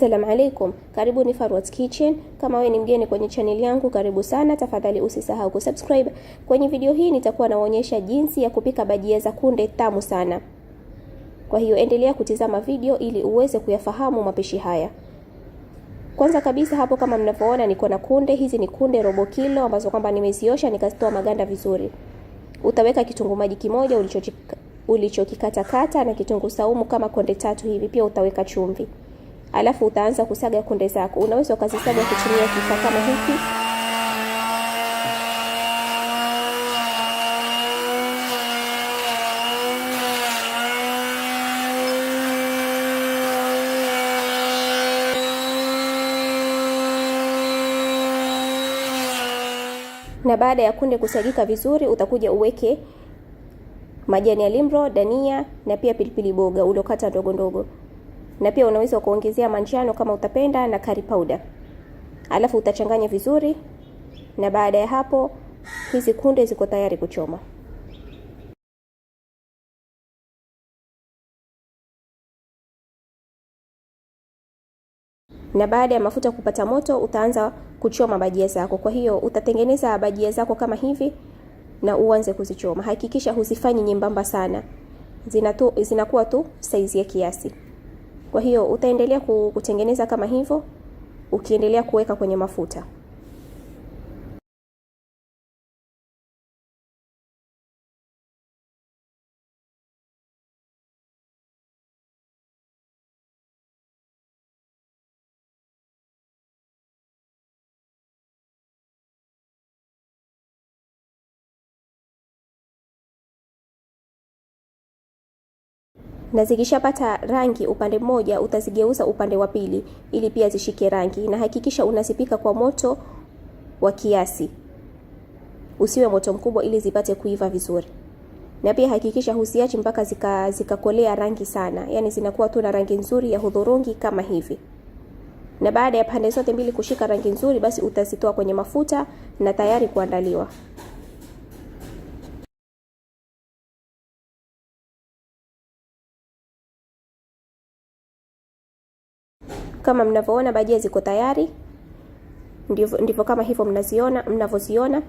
Salam alaikum, karibu ni Farwat Kitchen. Kama wewe ni mgeni kwenye channel yangu, karibu sana. Tafadhali usisahau kusubscribe. Kwenye video hii nitakuwa naonyesha jinsi ya kupika bajia za kunde tamu sana. Kwa hiyo endelea kutizama video ili uweze kuyafahamu mapishi haya. Kwanza kabisa hapo kama mnavyoona niko na kunde, hizi ni kunde robo kilo ambazo kwamba nimeziosha nikazitoa maganda vizuri. Utaweka kitunguu maji kimoja ulichokikatakata na kitunguu saumu kama konde tatu hivi, pia utaweka chumvi alafu utaanza kusaga kunde zako. Unaweza ukazisaga kutumia kifaa kama hiki. Na baada ya kunde kusagika vizuri, utakuja uweke majani ya limro, dania na pia pilipili boga uliokata ndogo ndogo na pia unaweza kuongezea manjano kama utapenda na curry powder, alafu utachanganya vizuri, na baada ya hapo hizi kunde ziko tayari kuchoma. na baada ya mafuta kupata moto, utaanza kuchoma bajia zako. Kwa hiyo utatengeneza bajia zako kama hivi na uanze kuzichoma. Hakikisha huzifanyi nyembamba sana, zinakuwa tu saizi ya kiasi. Kwa hiyo utaendelea kutengeneza kama hivyo, ukiendelea kuweka kwenye mafuta. na zikishapata rangi upande mmoja utazigeuza upande wa pili ili pia zishike rangi, na hakikisha unazipika kwa moto wa kiasi, usiwe moto mkubwa ili zipate kuiva vizuri. Na pia hakikisha huziachi mpaka zikakolea zika rangi sana, yani zinakuwa tu na rangi nzuri ya hudhurungi kama hivi. Na baada ya pande zote mbili kushika rangi nzuri, basi utazitoa kwenye mafuta na tayari kuandaliwa. Kama mnavyoona bajia ziko tayari, ndivyo ndivyo kama hivyo mnaziona mnavyoziona.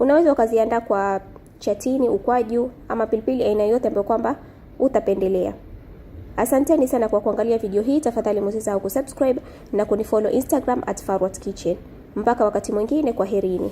Unaweza ukaziandaa kwa chatini, ukwaju ama pilipili aina yoyote ambayo kwamba utapendelea. Asanteni sana kwa kuangalia video hii. Tafadhali msisahau kusubscribe na kunifollow Instagram at Farwat Kitchen. Mpaka wakati mwingine, kwa herini